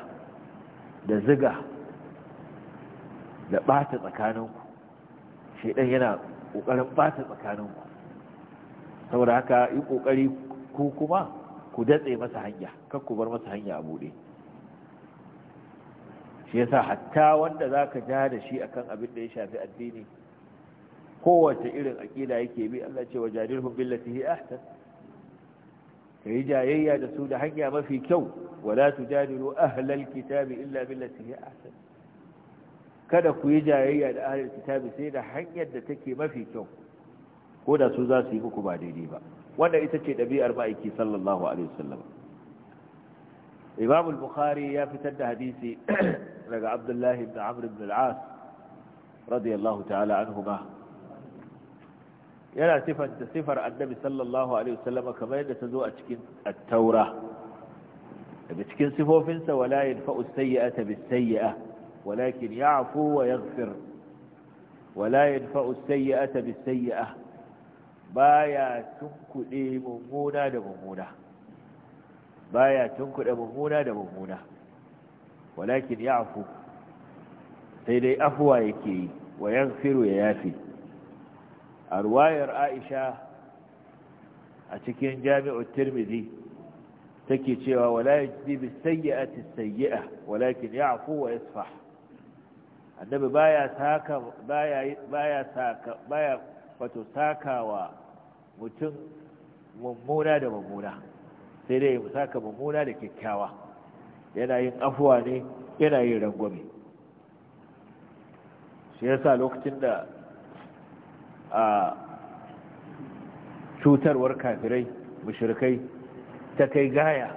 S1: da ziga da ɓata tsakaninku shaidan yana ƙoƙarin ɓata tsakaninku saboda haka yi ƙoƙari ku kuma ku datse masa hanya kan ku bar masa hanya a buɗe shi yasa hatta wanda zaka ka ja da shi akan abin da ya shafi addini kowace irin aƙida yake bi Allah ce wa billati ahsan ka yi jayayya da su da hanya mafi kyau wala tujadilu ahlal kitabi illa billati hi ahsan kada ku yi jayayya da ahlul kitabi sai da hanyar da take mafi kyau ko da su za su yi muku ba daidai ba Wanda ita ce ɗabi'ar ma'aiki sallallahu alaihi wasallam imam bukhari ya fitar da hadisi daga abdullahi ibn amr ibn al radiyallahu ta'ala anhuma yana sifanta sifar annabi sallallahu alaihi wasallam kamar yadda ta zo a cikin at-taura daga cikin sifofinsa wala yanfa'u sayyi'ata bis-sayyi'a walakin ya'fu wa yaghfir wala yanfa'u sayyi'ata bis-sayyi'a baya tunkude mummuna da mummuna baya tunkude mummuna da mummuna walakin ya'fu sai dai afwa yake yi wa yaghfiru ya yafi a ruwayar aisha a cikin jami'ar tirmidhi take cewa wala yajzi bis sayyi'ati sayyi'a walakin ya'fu wa yasfah annabi baya saka baya baya saka baya wato sakawa mutum mummuna da mummuna sai dai mu saka mummuna da kyakkyawa yana yin afuwa ne yana yin rangwame shi yasa lokacin da a cutarwar kafirai mashirkai ta kai gaya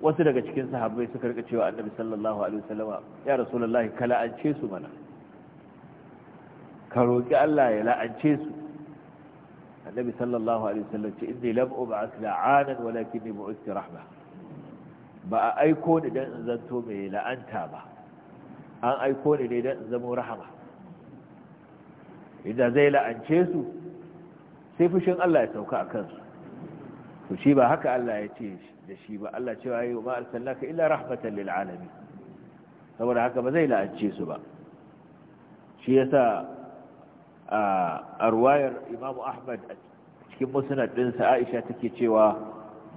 S1: wasu daga cikin sahabbai suka rika cewa annabi sallallahu alaihi wasallam ya rasulullahi an ce su mana ka roƙi Allah ya la'ance su annabi sallallahu alaihi wasallam ce inni lam ub'ath la'anan walakinni bu'ithtu rahma ba a aiko ni dan in zanto mai la'anta ba an aiko ni ne dan in zamo rahama idan zai la'ance su sai fushin Allah ya sauka a kansu to shi ba haka Allah ya ce da shi ba Allah cewa yi wa illa rahmatan lil saboda haka ba zai la'ance su ba shi yasa a ruwayar Imam Ahmad a cikin musnad din sa Aisha take cewa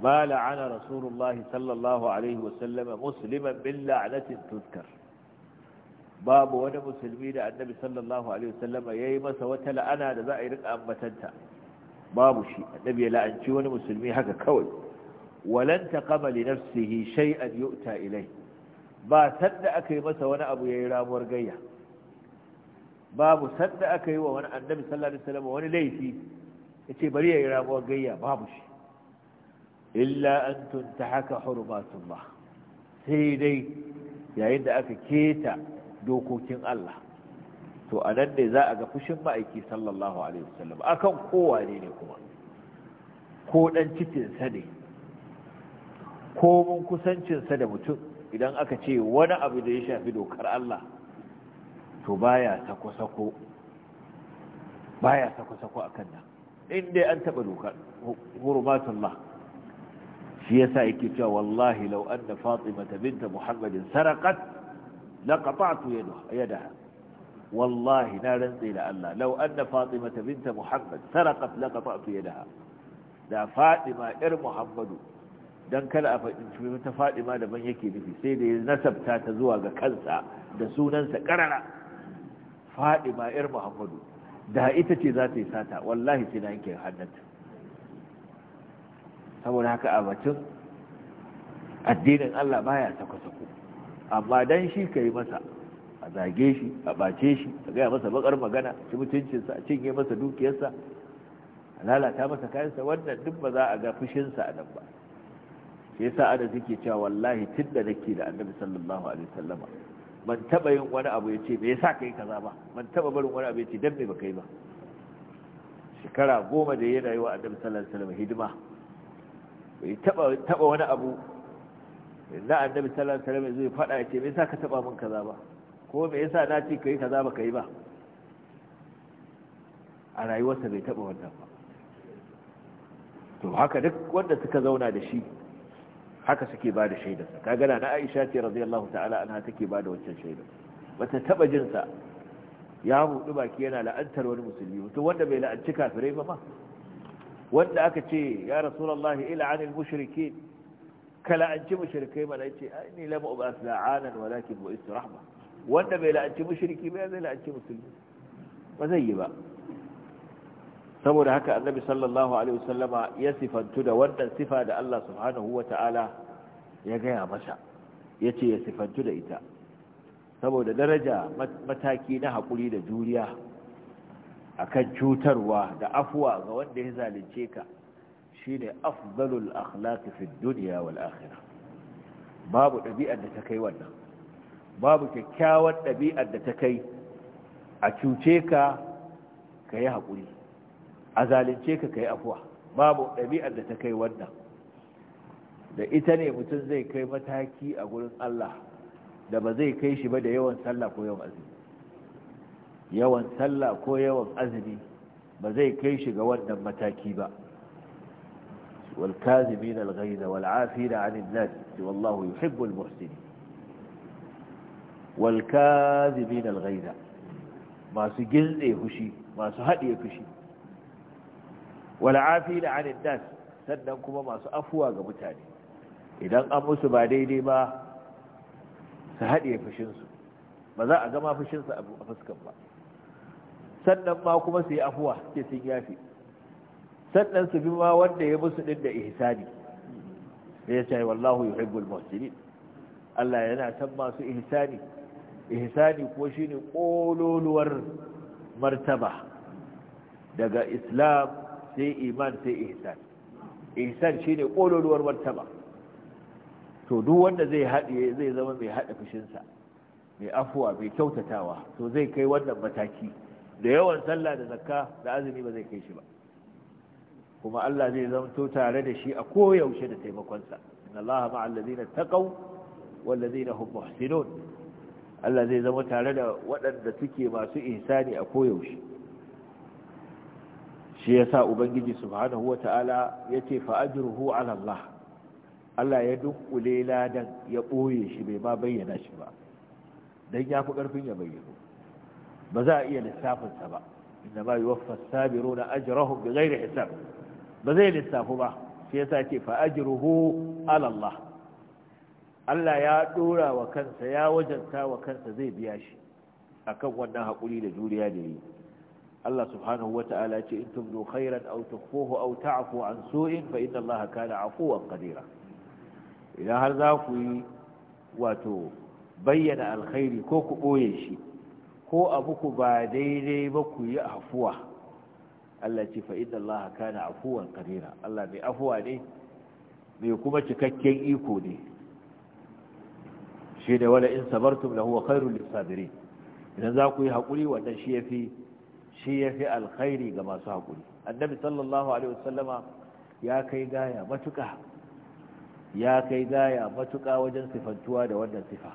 S1: ba la'ana rasulullahi sallallahu alaihi wa musulman bin bil la'natin babu wani musulmi da annabi sallallahu alaihi wasallama ya yi masa wata la'ana da za a yi rika ambatanta babu shi annabi ya la'anci wani musulmi haka kawai walan taqama li nafsihi shay'an yu'ta ilai ba sadda aka yi masa wani abu yayi ramuwar gayya babu sadda aka yi wa wani annabi sallallahu alaihi wasallama wani laifi yace bari yayi ramuwar gayya babu shi illa an tuntahaka hurumatullah sai dai yayin da aka keta dokokin Allah to a nan ne za a ga fushin ma'aiki sallallahu alaihi wasallam akan kowa ne ne kuma ko dan cikinsa ne ko mun kusancinsa da mutum idan aka ce wani abu da ya shafi dokar Allah to baya sako-sako baya sako-sako akan nan inda an taba dokar hurumatullah shi yasa yake cewa wallahi law anna fatimata binta muhammadin sarqat لقطعت يدها والله نارا إلى الله لو أن فاطمة بنت محمد سرقت لقطعت يدها دا فاطمة إر محمد dan kada a faɗi ta faɗima da ban yake nufi sai da ya nasabta ta zuwa ga kansa da sunansa ƙarara faɗima ‘yar muhammadu da ita ce za ta yi sata wallahi sai na yanke hannunta saboda haka a batun addinin allah baya sako-sako amma dan shi ka yi masa a zage shi a bace shi a gaya masa bakar magana ci mutuncinsa a cinye masa dukiyarsa a lalata masa kayansa wannan duk ba za a ga fushinsa a nan ba shi yasa ana suke cewa wallahi tun da nake da annabi sallallahu alaihi wasallama ban taba yin wani abu ya ce me yasa kai kaza ba ban taba barin wani abu ya ce dan me baka yi ba shekara goma da yana yi wa annabi sallallahu alaihi wasallam hidima bai taba taba wani abu yanzu annabi sallallahu alaihi wasallam zai fada ya ce me yasa ka taba mun kaza ba ko me yasa na ce ka yi kaza ba ka yi ba a rayuwarsa bai taba wannan ba to haka duk wanda suka zauna da shi haka suke ba da shaidarsa kaga na Aisha ce radiyallahu ta'ala anha take ba da wancan shaidar bata taba jin sa ya buɗi baki yana la'antar wani musulmi mutum wanda bai la'anci kafirai ba ma wanda aka ce ya rasulullahi ila anil mushrikin ka la'anci mushrikai mana yace ai ni lam ubas la'anan bu bu'istu rahma wanda bai la'anci mushriki ba ya zai la'anci musulmi ba zai yi ba saboda haka annabi sallallahu alaihi wasallama ya sifantu da wannan sifa da Allah subhanahu ta'ala ya gaya masa ya ce ya sifantu da ita saboda daraja mataki na haƙuri da juriya akan cutarwa da afuwa ga wanda ya zalunce ka shine afdalul akhlaqi fi dunya wal akhirah babu dabi'ar da ta kai wannan babu kyakkyawar dabi'ar da ta kai a cuce ka kai hakuri a zalunce ka kai afwa babu dabi'ar da ta kai wannan da ita ne mutum zai kai mataki a gurin Allah da ba zai kai shi ba da yawan sallah ko yawan azumi yawan sallah ko yawan azumi ba zai kai shi ga wannan mataki ba والكاذبين الغيظ والعافين عن الناس والله يحب المحسنين والكاذبين الغيظ ما هشي ما والعافين عن الناس sannan kuma masu afuwa ga mutane idan an musu ba daidai ba su haɗe fushinsu ba za a gama fushinsu a fuskan ba sannan ma kuma su yi afuwa sun yafi sannan su bi ma wanda ya musu din da ihsani ya ce wallahu yuhibbul muhsinin Allah yana san masu ihsani ihsani ko shine kololuwar martaba daga islam sai iman sai ihsan ihsan shine kololuwar martaba to duk wanda zai haɗe zai zama mai haɗa fushinsa mai afuwa mai kyautatawa to zai kai wannan mataki da yawan sallah da zakka da azumi ba zai kai shi ba kuma Allah zai zamto tare da shi a koyaushe da taimakonsa inna Allah ma'al ladina taqaw wal ladina hum muhsinun Allah zai zama tare da waɗanda suke masu ihsani a koyaushe shi yasa ubangiji subhanahu wata'ala yace fa ajruhu 'ala Allah Allah ya dunkule ladan ya boye shi bai ma bayyana shi ba dan yafi karfin ya bayyana ba za a iya lissafin sa ba inna ma yuwaffa as-sabiruna ajrahum bighairi hisab ba zai lissafu ba shi yasa ce fa ajruhu ala Allah Allah ya dora wa kansa ya wajanta wa kansa zai biya shi akan wannan hakuri da juriya da yi Allah subhanahu wata'ala ce in tubdu khairan aw tukhfuhu aw ta'fu an su'in fa inna Allah kana afuwan qadira idan har za ku yi wato bayyana alkhairi ko ku boye shi ko abu ku ba daidai ba ku yi afuwa Allah ce fa inna Allah na afuwan qadira Allah mai afuwa ne mai kuma cikakken iko ne shi ne wala in sabartum lahu khairul lisabirin idan za ku yi hakuri wannan shi yafi shi yafi alkhairi ga masu hakuri annabi sallallahu alaihi wasallama ya kai gaya matuka ya kai gaya matuƙa wajen sifantuwa da wannan sifa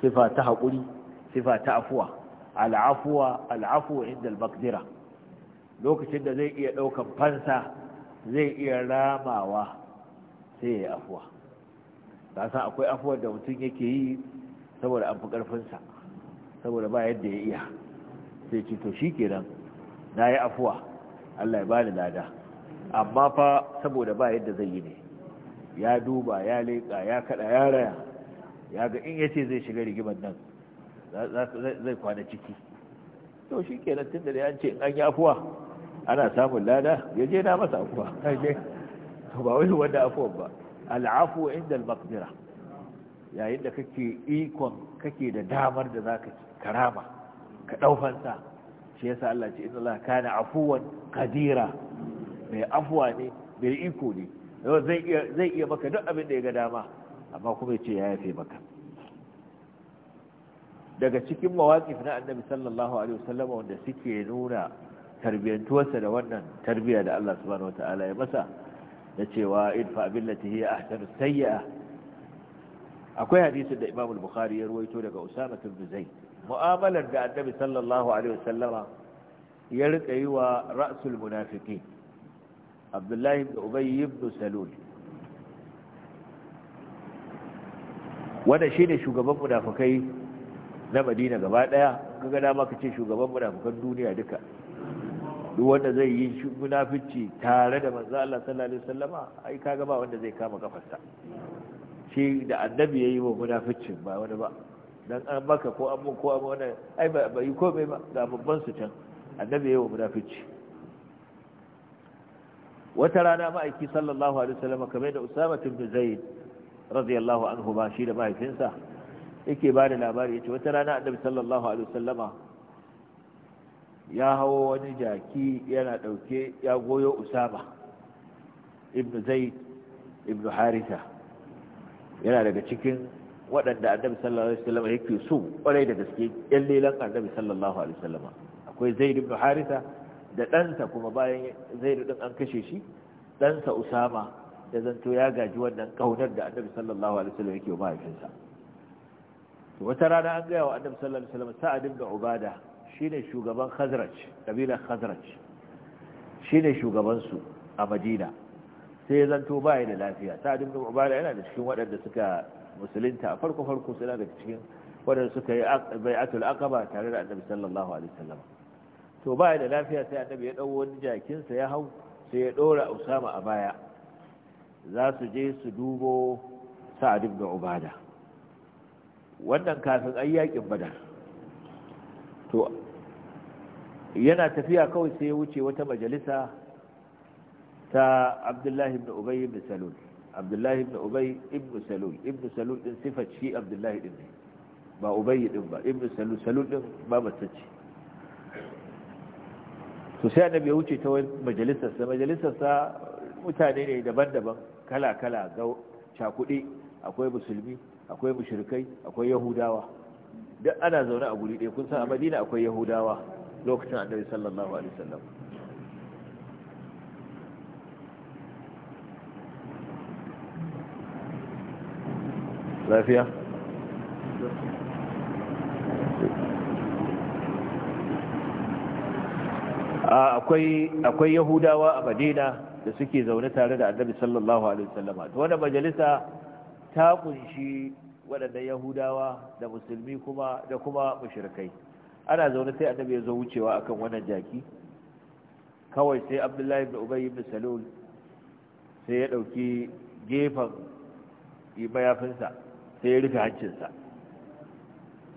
S1: sifa ta haƙuri, sifa ta afuwa al'afuwa al'afu inda al-maqdira lokacin da zai iya ɗaukan fansa zai iya ramawa sai ya yi afuwa san akwai afuwar da mutum yake yi saboda an fi ƙarfinsa saboda ba yadda ya iya sai ce to shi nan na yi afuwa allah ya bani lada amma fa saboda ba yadda zai yi ne ya duba ya leƙa ya kaɗa ya raya ya ga in ya ce zai shiga rigimar nan zai kwana ciki to shi ke nan tun da ya ce in an yi afuwa ana samun lada ya je na masa afuwa ba wani wanda afuwan ba al'afu inda al-maqdira yayin da kake ikon kake da damar da zaka karama ka daufansa shi yasa Allah ce inna Allah kana afuwan kadira mai afuwa ne mai iko ne zai iya zai iya maka duk abin da ya ga dama amma kuma yace ya yafe maka daga cikin mawaqif na Annabi sallallahu alaihi wasallam wanda suke nuna tarbiyyantuwarsa da wannan tarbiyya da Allah subhanahu wata'ala ya masa da cewa idfa billati hiya ahsanu sayyi'a akwai hadisin da Imam al-Bukhari ya ruwaito daga Usama ibn Zayd mu'amalar da Annabi sallallahu alaihi wasallama ya rika yi wa ra'sul munafiqin Abdullah ibn Ubay ibn Salul wanda shine shugaban munafikai na Madina gaba daya kaga da maka ce shugaban munafikan duniya duka duk wanda zai yi munafici tare da manzo Allah sallallahu alaihi wasallama ai kaga ba wanda zai kama kafarsa shi da annabi yayi wa munafici ba wani ba dan an baka ko an mun ko an wannan ai ba yi bai ba ga babban su can annabi yayi wa munafici wata rana ma'aiki sallallahu alaihi wasallama kamar da Usama bin Zaid radiyallahu anhu ba shi da mahaifinsa yake ba da labari yace wata rana annabi sallallahu alaihi wasallama ya hawo wani jaki yana ɗauke ya goyo usama ibnu zaid ibnu Harisa. yana daga cikin waɗanda annabi sallallahu alaihi wasallam yake so ƙwarai da gaske yan lelan annabi sallallahu alaihi wasallam akwai zaid ibn harisa da ɗansa kuma bayan zaid din an kashe shi ɗansa usama da zanto ya gaji wannan kaunar da annabi sallallahu alaihi wasallam yake wa mahaifinsa wata rana an gaya wa annabi sallallahu alaihi wasallam sa'ad ibn ubada ne shugaban khazraj kabilar khazraj shine shugabansu a madina sai ya zanto baya da lafiya sa'ad ibn yana da cikin waɗanda suka musulunta a farko farko suna da cikin waɗanda suka yi bai'atul aqaba tare da annabi sallallahu alaihi wasallam to baya da lafiya sai annabi ya dawo wani jakin sa ya hau sai ya dora usama a baya za su je su dubo sa'ad ibn ubada wannan kafin ayyakin badar to yana tafiya kawai sai ya wuce wata majalisa ta abdullahi ibn ubay ibn salul abdullahi ibn ubay ibn salul ibn salul din sifar shi abdullahi din ne ba ubay din ba ibn salul salul din ba matacce to sai annabi ya wuce ta wani majalisa. sa majalisa sa mutane ne daban-daban kala-kala ga cakudi akwai musulmi akwai mushrikai akwai yahudawa duk ana zaune a guri ɗaya kun san a madina akwai yahudawa lokacin annabi sallallahu alaihi wasallam lafiya akwai akwai yahudawa a madina da suke zaune tare da annabi sallallahu alaihi wasallama to wannan majalisa ta kunshi waɗannan yahudawa da musulmi kuma da kuma mashirkai ana zaune sai annabi ya zo wucewa akan wannan jaki kawai sai abdullahi da ubay ibn salul sai ya dauki gefen bayafinsa sai ya rufe hancinsa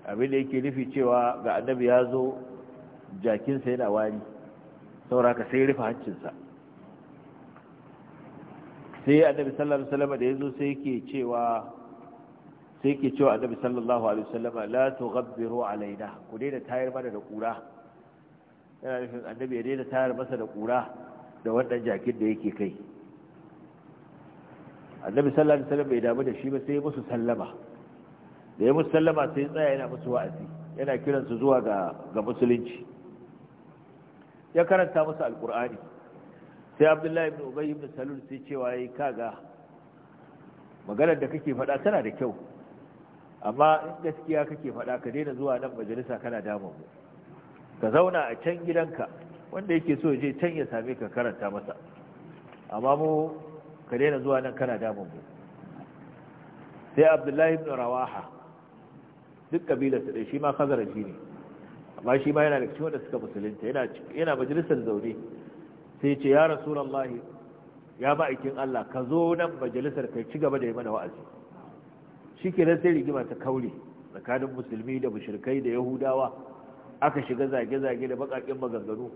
S1: abin da yake nufi cewa ga annabi ya zo jakinsa yana wari sauraka sai ya rufe hancinsa sai annabi sallallahu alaihi wasallam da ya zo sai yake cewa sai ke cewa annabi sallallahu alaihi wasallama la tughabbiru alaina ku daina tayar mana da kura yana nufin annabi ya daina tayar masa da kura da wannan jakin da yake kai annabi sallallahu alaihi wasallam bai damu da shi ba sai musu sallama da ya musu sallama sai tsaya yana musu wa'azi yana kiran su zuwa ga ga musulunci ya karanta musu alqur'ani sai abdullahi ibn ubay ibn salul sai cewa yayi kaga maganar da kake faɗa tana da kyau amma in gaskiya kake fada ka daina zuwa nan majalisa kana damu mu ka zauna a can gidanka wanda yake so je can ya same ka karanta masa amma mu ka daina zuwa nan kana damu mu sai abdullahi ibn rawaha duk kabilar dai shi ma khazaraji ne amma shi ma yana da cikin wanda suka musulunta yana yana majalisar zaune sai ce ya rasulullahi ya ikin Allah ka zo nan majalisar kai ci gaba da yi mana wa'azi shi ke sai rigima ta kauri tsakanin musulmi da mashirkai da yahudawa aka shiga zage-zage da bakakin maganganu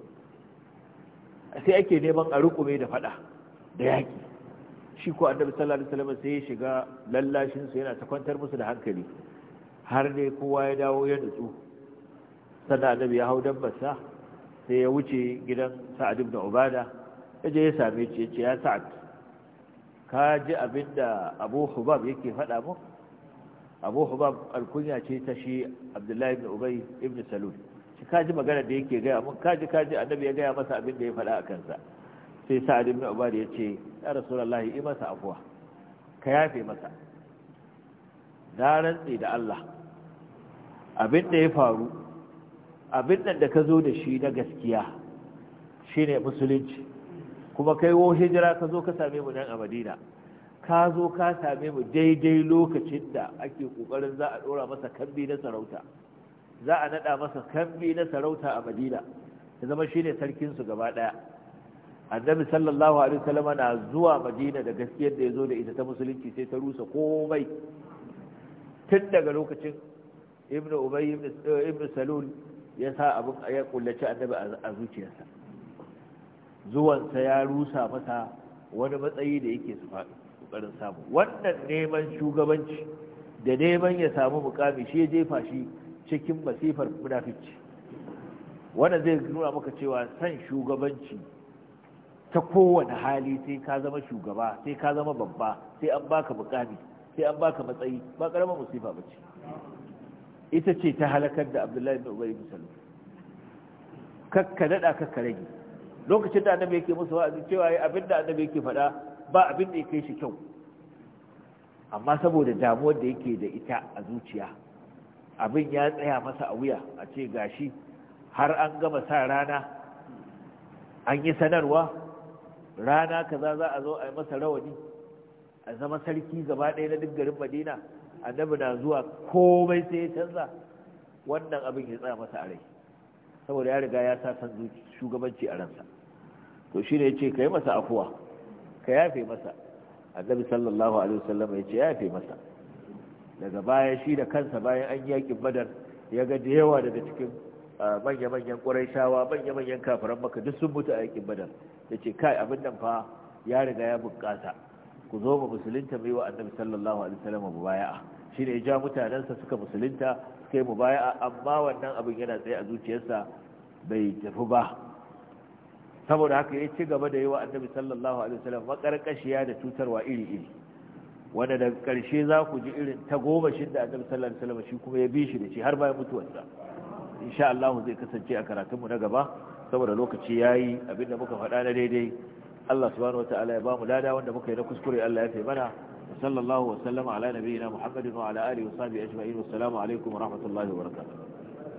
S1: sai ake neman a rukume da fada da yaki shi ko annabi sallallahu alaihi wasallam sai ya shiga lallashin su yana ta kwantar musu da hankali har ne kowa ya dawo ya nutsu sannan annabi ya hau Basa, sai ya wuce gidan sa'ad ibn ubada yaje ya same shi ya ce ya sa'ad ka ji abinda abu hubab yake faɗa muku abu hubab alkunya ce ta shi abdullahi ibn ubay ibn salul shi kaji magana da yake gaya mun kaji kaji annabi ya gaya masa abin da ya faɗa a kansa sai sa'ad ibn ubad ya ce ya rasulullahi yi masa afuwa ka yafe masa na rantsi da Allah abin da ya faru abin nan da ka zo da shi na gaskiya shine musulunci kuma kai wo hijira ka zo ka same mu nan a Madina ka zo ka same mu daidai lokacin da ake kokarin za a dora masa kambi na sarauta za a nada masa kambi na sarauta a madina ya zama shine sarkin su gaba daya annabi sallallahu alaihi wasallam na zuwa madina da gaskiyar da yazo da ita ta musulunci sai ta rusa komai tun daga lokacin ibnu ubay ibnu eh, salul ya sa abu ya kullace annabi a zuciyarsa zuwansa ya rusa masa wani matsayi da yake su faɗi kokarin samu wannan neman shugabanci da neman ya samu mukami shi ya jefa shi cikin masifar munafici wanda zai nuna maka cewa san shugabanci ta kowane hali sai ka zama shugaba sai ka zama babba sai an baka mukami sai an baka matsayi ba karamar musifa ba ce ita ce ta halakar da abdullahi da ubari bin salul kakka dada kakka rage lokacin da annabi yake musu wa'azi cewa abinda annabi yake faɗa ba abin da ya kai shi kyau amma saboda damuwar da yake da ita a zuciya abin ya tsaya masa a wuya a ce gashi har an gama sa rana an yi sanarwa rana kaza za a zo a yi masa rawani a zama sarki gaba ɗaya na duk garin madina annabi na zuwa komai sai ya canza wannan abin ya tsaya masa a rai saboda ya riga ya sa san shugabanci a ransa to shi ne ya ce ka yi masa afuwa ka yafe masa annabi sallallahu alaihi wasallam ya ce yafe masa daga baya shi da kansa bayan an yaki badar ya ga da yawa daga cikin manya-manyan ƙuraishawa manya-manyan kafiran maka duk sun mutu a yakin badar ya ce kai abin nan fa ya riga ya bunƙasa ku zo mu musulunta mai wa annabi sallallahu alaihi wasallam baya shi ne ya ja mutanensa suka musulunta suka mu mubaya'a amma wannan abin yana tsaye a zuciyarsa bai tafi ba saboda haka ya ci gaba da yi wa annabi sallallahu alaihi wasallam makarkashiya da cutarwa iri iri wanda daga karshe za ku ji irin ta goma shi da annabi sallallahu alaihi wasallam shi kuma ya bi shi da shi har bayan mutuwarsa insha Allah zai kasance a karatunmu na gaba saboda lokaci yayi abinda muka faɗa na daidai Allah subhanahu wataala ya ba mu lada wanda muka yi na kuskure Allah ya fi mana sallallahu wa sallama ala nabiyyina Muhammadin wa ala alihi wa sahbihi ajma'in wassalamu alaikum wa rahmatullahi wa barakatuh